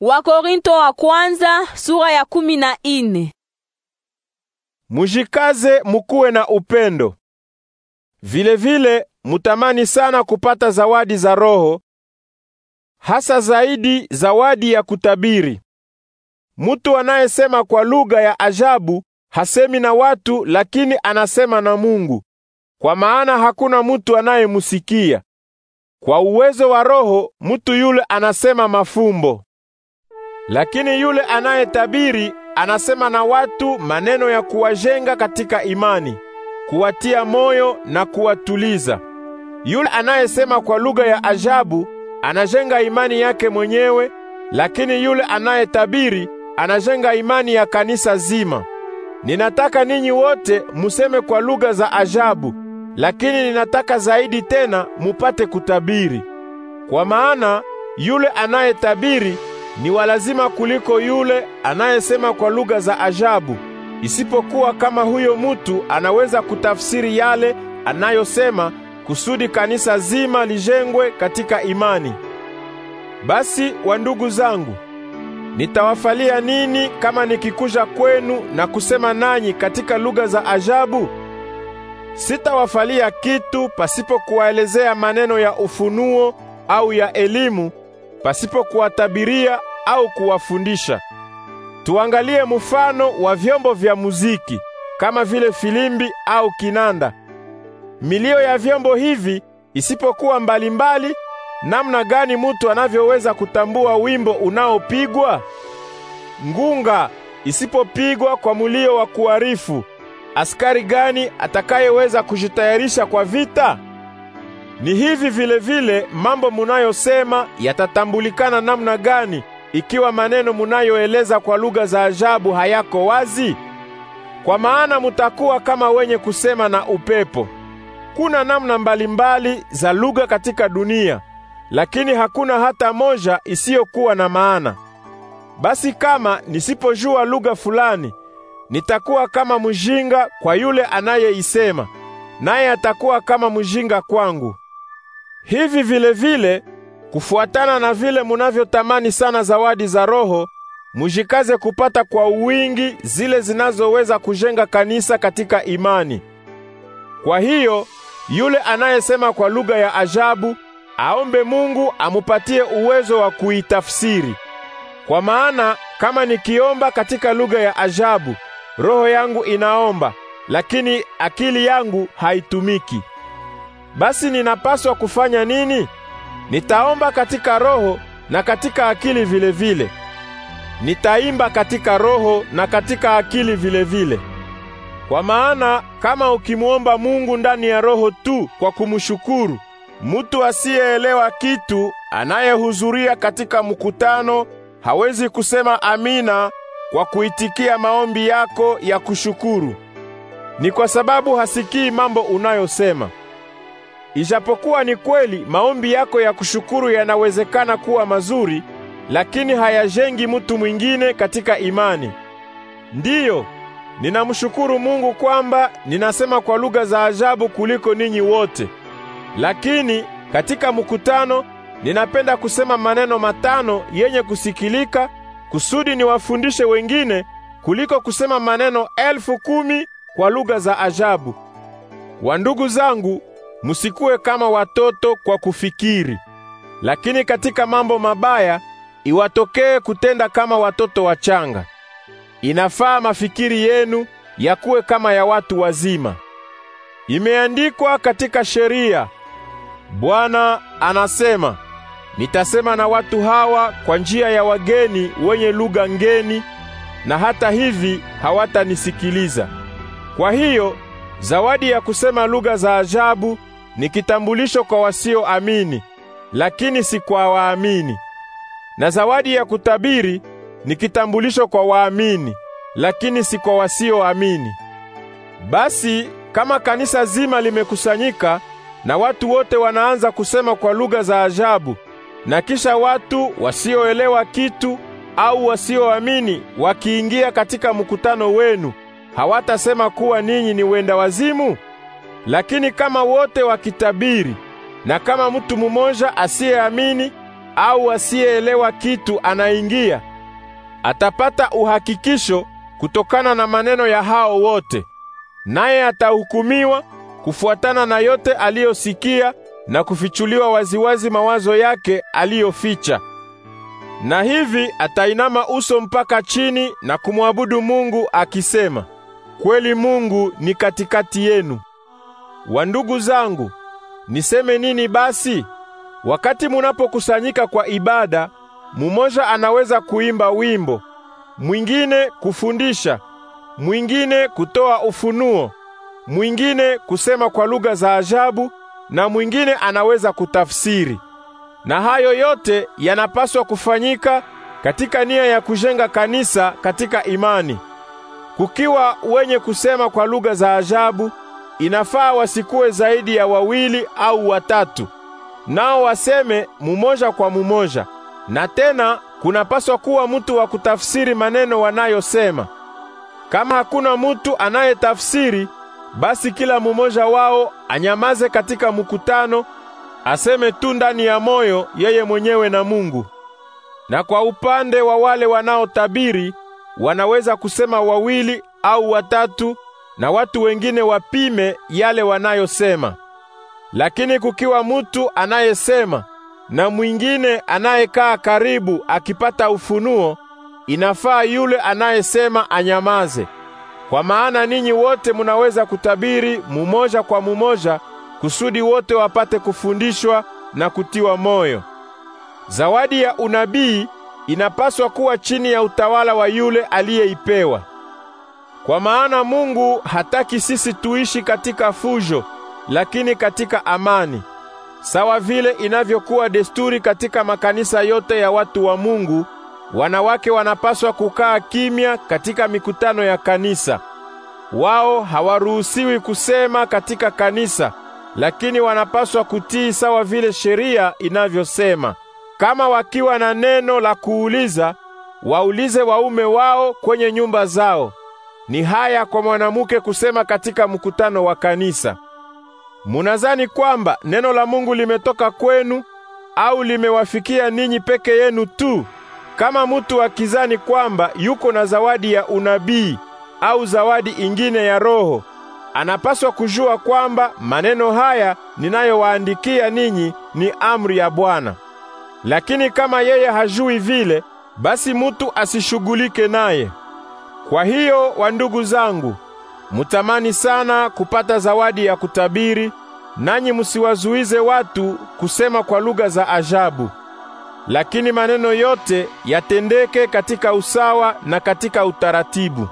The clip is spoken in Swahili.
Wakorinto wa kwanza sura ya kumi na ine. Mujikaze mukuwe na upendo. vile vile, mutamani sana kupata zawadi za Roho, hasa zaidi zawadi ya kutabiri. Mutu anayesema kwa lugha ya ajabu hasemi na watu, lakini anasema na Mungu, kwa maana hakuna mutu anayemusikia. Kwa uwezo wa Roho, mutu yule anasema mafumbo. Lakini yule anayetabiri anasema na watu maneno ya kuwajenga katika imani, kuwatia moyo na kuwatuliza. Yule anayesema kwa lugha ya ajabu anajenga imani yake mwenyewe, lakini yule anayetabiri anajenga imani ya kanisa zima. Ninataka ninyi wote museme kwa lugha za ajabu, lakini ninataka zaidi tena mupate kutabiri. Kwa maana yule anayetabiri ni walazima kuliko yule anayesema kwa lugha za ajabu, isipokuwa kama huyo mutu anaweza kutafsiri yale anayosema, kusudi kanisa zima lijengwe katika imani. Basi wandugu zangu, nitawafalia nini kama nikikuja kwenu na kusema nanyi katika lugha za ajabu? Sitawafalia kitu pasipo kuwaelezea maneno ya ufunuo au ya elimu, pasipo kuwatabiria au kuwafundisha. Tuangalie mfano wa vyombo vya muziki kama vile filimbi au kinanda. Milio ya vyombo hivi isipokuwa mbalimbali, namna gani mutu anavyoweza kutambua wimbo unaopigwa? Ngunga isipopigwa kwa mulio wa kuarifu, askari gani atakayeweza kujitayarisha kwa vita? Ni hivi vile vile mambo munayosema yatatambulikana namna gani ikiwa maneno munayoeleza kwa lugha za ajabu hayako wazi? Kwa maana mutakuwa kama wenye kusema na upepo. Kuna namna mbalimbali za lugha katika dunia, lakini hakuna hata moja isiyokuwa na maana. Basi kama nisipojua lugha fulani, nitakuwa kama mjinga kwa yule anayeisema, naye atakuwa kama mjinga kwangu. Hivi vile vile Kufuatana na vile munavyotamani sana zawadi za Roho, mujikaze kupata kwa wingi zile zinazoweza kujenga kanisa katika imani. Kwa hiyo yule anayesema kwa lugha ya ajabu aombe Mungu amupatie uwezo wa kuitafsiri. Kwa maana kama nikiomba katika lugha ya ajabu, roho yangu inaomba, lakini akili yangu haitumiki. Basi ninapaswa kufanya nini? Nitaomba katika roho na katika akili vile vile. Nitaimba katika roho na katika akili vile vile. Kwa maana kama ukimwomba Mungu ndani ya roho tu kwa kumshukuru, mtu asiyeelewa kitu anayehudhuria katika mkutano hawezi kusema amina kwa kuitikia maombi yako ya kushukuru. Ni kwa sababu hasikii mambo unayosema. Ijapokuwa ni kweli maombi yako ya kushukuru yanawezekana kuwa mazuri, lakini hayajengi mtu mwingine katika imani. Ndiyo, ninamshukuru Mungu kwamba ninasema kwa lugha za ajabu kuliko ninyi wote, lakini katika mkutano ninapenda kusema maneno matano yenye kusikilika kusudi niwafundishe wengine kuliko kusema maneno elfu kumi kwa lugha za ajabu. Wandugu zangu, musikuwe kama watoto kwa kufikiri, lakini katika mambo mabaya iwatokee kutenda kama watoto wachanga. Inafaa mafikiri yenu yakuwe kama ya watu wazima. Imeandikwa katika sheria, Bwana anasema, nitasema na watu hawa kwa njia ya wageni wenye lugha ngeni, na hata hivi hawatanisikiliza. Kwa hiyo zawadi ya kusema lugha za ajabu ni kitambulisho kwa wasioamini, lakini si kwa waamini. Na zawadi ya kutabiri ni kitambulisho kwa waamini, lakini si kwa wasioamini. Basi kama kanisa zima limekusanyika na watu wote wanaanza kusema kwa lugha za ajabu, na kisha watu wasioelewa kitu au wasioamini wakiingia katika mkutano wenu, hawatasema kuwa ninyi ni wenda wazimu? Lakini kama wote wakitabiri na kama mtu mmoja asiyeamini au asiyeelewa kitu anaingia, atapata uhakikisho kutokana na maneno ya hao wote, naye atahukumiwa kufuatana na yote aliyosikia na kufichuliwa waziwazi mawazo yake aliyoficha. Na hivi atainama uso mpaka chini na kumwabudu Mungu akisema, kweli Mungu ni katikati yenu. Wandugu zangu, niseme nini basi? Wakati munapokusanyika kwa ibada, mumoja anaweza kuimba wimbo, mwingine kufundisha, mwingine kutoa ufunuo, mwingine kusema kwa lugha za ajabu na mwingine anaweza kutafsiri. Na hayo yote yanapaswa kufanyika katika nia ya kujenga kanisa katika imani. Kukiwa wenye kusema kwa lugha za ajabu inafaa wasikuwe zaidi ya wawili au watatu, nao waseme mumoja kwa mumoja, na tena kunapaswa kuwa mutu wa kutafsiri maneno wanayosema. Kama hakuna mutu anayetafsiri, basi kila mumoja wao anyamaze katika mkutano, aseme tu ndani ya moyo yeye mwenyewe na Mungu. Na kwa upande wa wale wanaotabiri, wanaweza kusema wawili au watatu na watu wengine wapime yale wanayosema. Lakini kukiwa mutu anayesema na mwingine anayekaa karibu akipata ufunuo, inafaa yule anayesema anyamaze, kwa maana ninyi wote munaweza kutabiri mumoja kwa mumoja, kusudi wote wapate kufundishwa na kutiwa moyo. Zawadi ya unabii inapaswa kuwa chini ya utawala wa yule aliyeipewa. Kwa maana Mungu hataki sisi tuishi katika fujo, lakini katika amani, sawa vile inavyokuwa desturi katika makanisa yote ya watu wa Mungu. Wanawake wanapaswa kukaa kimya katika mikutano ya kanisa. Wao hawaruhusiwi kusema katika kanisa, lakini wanapaswa kutii sawa vile sheria inavyosema. Kama wakiwa na neno la kuuliza, waulize waume wao kwenye nyumba zao. Ni haya kwa mwanamke kusema katika mkutano wa kanisa, munazani kwamba neno la Mungu limetoka kwenu au limewafikia ninyi peke yenu tu? Kama mutu akizani kwamba yuko na zawadi ya unabii au zawadi ingine ya Roho, anapaswa kujua kwamba maneno haya ninayowaandikia ninyi ni amri ya Bwana. Lakini kama yeye hajui vile, basi mutu asishughulike naye. Kwa hiyo wandugu zangu, mutamani sana kupata zawadi ya kutabiri, nanyi musiwazuize watu kusema kwa lugha za ajabu, lakini maneno yote yatendeke katika usawa na katika utaratibu.